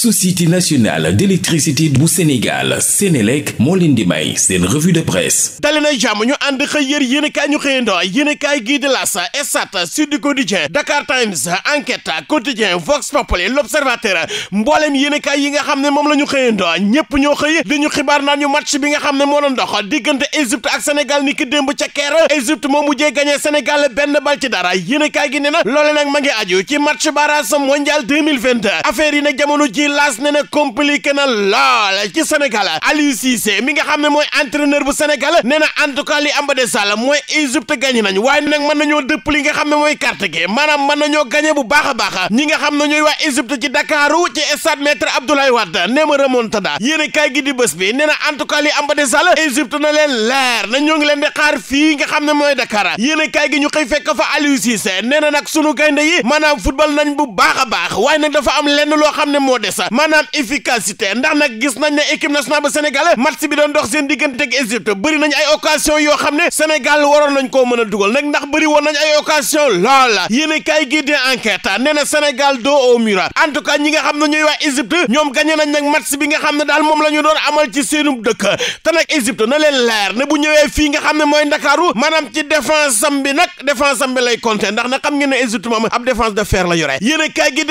société nationale d'électricité bu Sénégal Sénélec moo leen di may seen revue de presse dali na jàmm ñu ànd xëy yër yéenekaay ñu xëyandoo yéenekaay gii di L'As Stades Sud Quotidien Dakar Times Enquête Quotidien Vox Populi L'Observateur mbooleem yéenekaay yi nga xam ne moom la ñu xëyandoo ñépp ñoo xëy di ñu xibaar naan ñu match bi nga xam ne moo doon dox diggante Égypte ak Sénégal ni ki démb ca Caire Égypte moo mujjee gagné Sénégal benn bal ci dara yéenekaay gi ne na loole nag ma ngi aju ci match barrage mondial 2022 affaire yi nag jamono ji laas ne na compliqué na lool ci Sénégal Aliou Cissé mi nga xam ne mooy entraîneur bu Sénégal nee na en tout cas li am ba des sall mooy Égypte gagné nañu waaye nag mën nañoo dëpp li nga xam ne mooy carte gi maanaam mën nañoo gagné bu baax a baax ñi nga xam ne ñooy waa Égypte ci Dakaru ci stade Maître Abdoulaye Wade nee ma remontada yéen i kaay gi di bés bi nee na en tout cas li am ba des sall na leen leer na ñoo ngi leen di xaar fii nga xam ne mooy Dakar yéen i kaay gi ñu xëy fekk fa Aliou nee na nag sunu gaynde yi maanaam football nañ bu baax a baax waaye nag dafa am lenn loo xam ne moo des force maanaam efficacité ndax nag gis nañ ne équipe nationale ba Sénégal match bi doon dox seen diggante ak Égypte bëri nañ ay occasion yoo xam ne Sénégal waroon nañ koo mën a dugal nag ndax bëri woon nañ ay occasion lool yéen a kaay gii di enquête nee na Sénégal dos au ñi nga xam ne ñooy waa Égypte ñoom gagné nañ nag match bi nga xam ne daal moom la ñu doon amal ci seenub dëkk te nag Égypte na leen leer ne bu ñëwee fii nga xam ne mooy Ndakaaru maanaam ci défense de fer la yore yéen a kaay gii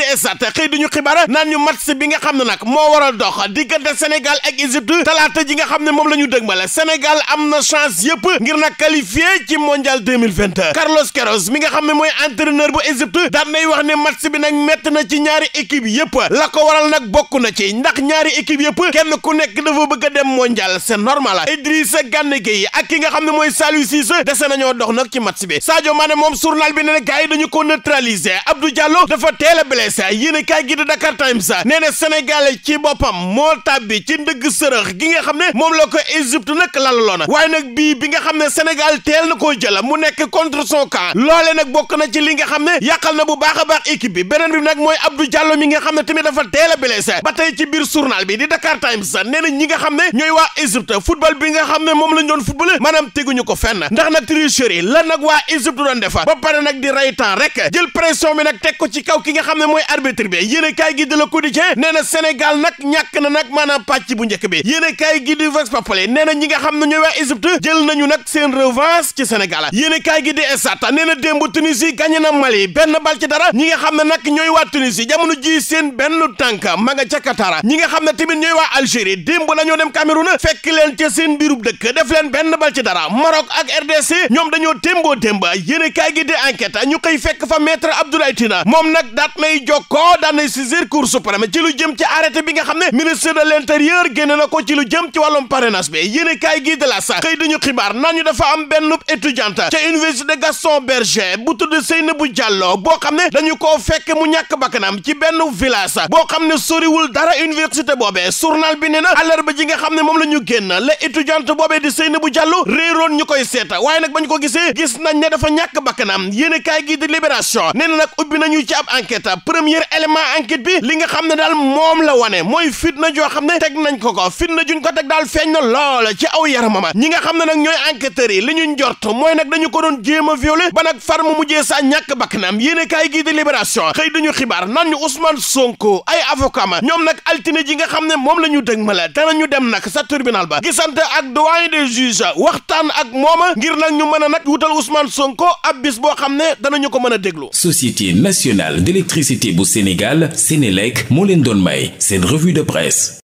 di bi nga xam ne nag moo war a dox diggante Sénégal ak Égypte talaata ji nga xam ne moom la ñu dëgmal Sénégal am na chance yëpp ngir nag qualifié ci mondial 2022 Carlos Queiroz mi nga xam ne mooy entraîneur bu Égypte daan nay wax na match bi nag métti na ci ñaari équipe yëpp la ko waral nag bokk na ci ndax ñaari équipe yëpp kenn ku nekk dafa bëgg a dem mondial c'est normal Idrissa Gana Gueye ak ki nga xam ne mooy Saliou Cissé dese nañoo dox nag ci match bi Sadio Mané ne na gars yi dañu ko neutraliser Abdou a blessé a kaay gi di Dakar Times ne sénégalais ci boppam moo tàbbi ci ndëgg sërëx gi nga xam ne moom la ko Égypte nag lalaloona waaye nag bii bi nga xam ne Sénégal teel na koo jël jëla mu nekk contre son camp loole nag bokk na ci li nga xam ne yàqal na bu baax a baax équipe bi beneen bi nag mooy Abdou Diallo mi nga xam ne tamit dafa teel a blessé ba tey ci biir journal bi di Dakar Times nee na ñi nga xam ne ñooy waa Égypte football bi nga xam ne moom lañ doon football maanaam teguñu ko fenn ndax nag tricherie la nag waa Égypte doon defa ba pare nag di rey temps rek jël pression bi nag teg ko ci kaw ki nga xam ne mooy arbitre bi yéen a kaay di la nee na Sénégal nag ñàkk na nag maanaam pàcc bu njëkk bi yéen a kaay gi di Vox Populi nee na ñi nga xam ne ñooy waa Égypte jël nañu nag seen revanche ci Sénégal yéen a kaay gi di Stades nee na démb Tunisie gagné na Mali benn bal ci dara ñi nga xam ne nag ñooy waa Tunisie jamono ji seen benn tànk ma nga ca Qatar ñi nga xam ne tamit ñooy waa Algérie démb la ñoo dem Cameroun fekk leen ca seen biirub dëkk def leen benn bal ci dara Maroc ak RDC ñoom dañoo témboo témba yéen a gi di enquête ñu koy fekk fa maître Abdoulaye Tina moom nag daat nay jokkoo daan nay saisir lu jëm ci arrêté bi nga xam ne ministre de l'intérieur génne na ko ci lu jëm ci wàllum parrainage bi yéen kaay gi de la sax xëy dañu xibaar naan ñu dafa am benn étudiante ca université Gaston Berger bu tudd Seynabou Diallo boo xam ne dañu ko fekk mu ñàkk bakkanam ci benn village boo xam ne soriwul dara université boobee journal bi nee na àllarba ji nga xam ne moom la ñu génn la étudiante boobee di Seynabou Diallo réeroon ñu koy seeta waaye nag bañ ko gisee gis nañ ne dafa ñàkk bakkanam yéen kaay gi di libération nee na nag ubbi nañu ci ab enquête premier élément enquête bi li nga xam moom la wane mooy fitna joo xam ne teg nañ ko ko fitna juñ ko teg daal feeñ na loola ci aw yaramama ñi nga xam ne nag ñooy enquêteurs yi li ñu njort mooy nag dañu ko doon jéem a violer ba nag far mu mujjee saa ñàkk bakkanam yéen a kaay gii di libération xëy dañu xibaar naan ñu Ousmane Sonko ay avocat ma ñoom nag altine ji nga xam ne moom la ñu dëg ma la ñu dem nag sa tribunal ba gisante ak doyen des juges waxtaan ak mooma ngir nag ñu mën a nag wutal Ousmane Sonko ab bis boo xam ne danañu ko mën a déglu Société nationale leen doon may seen revue de presse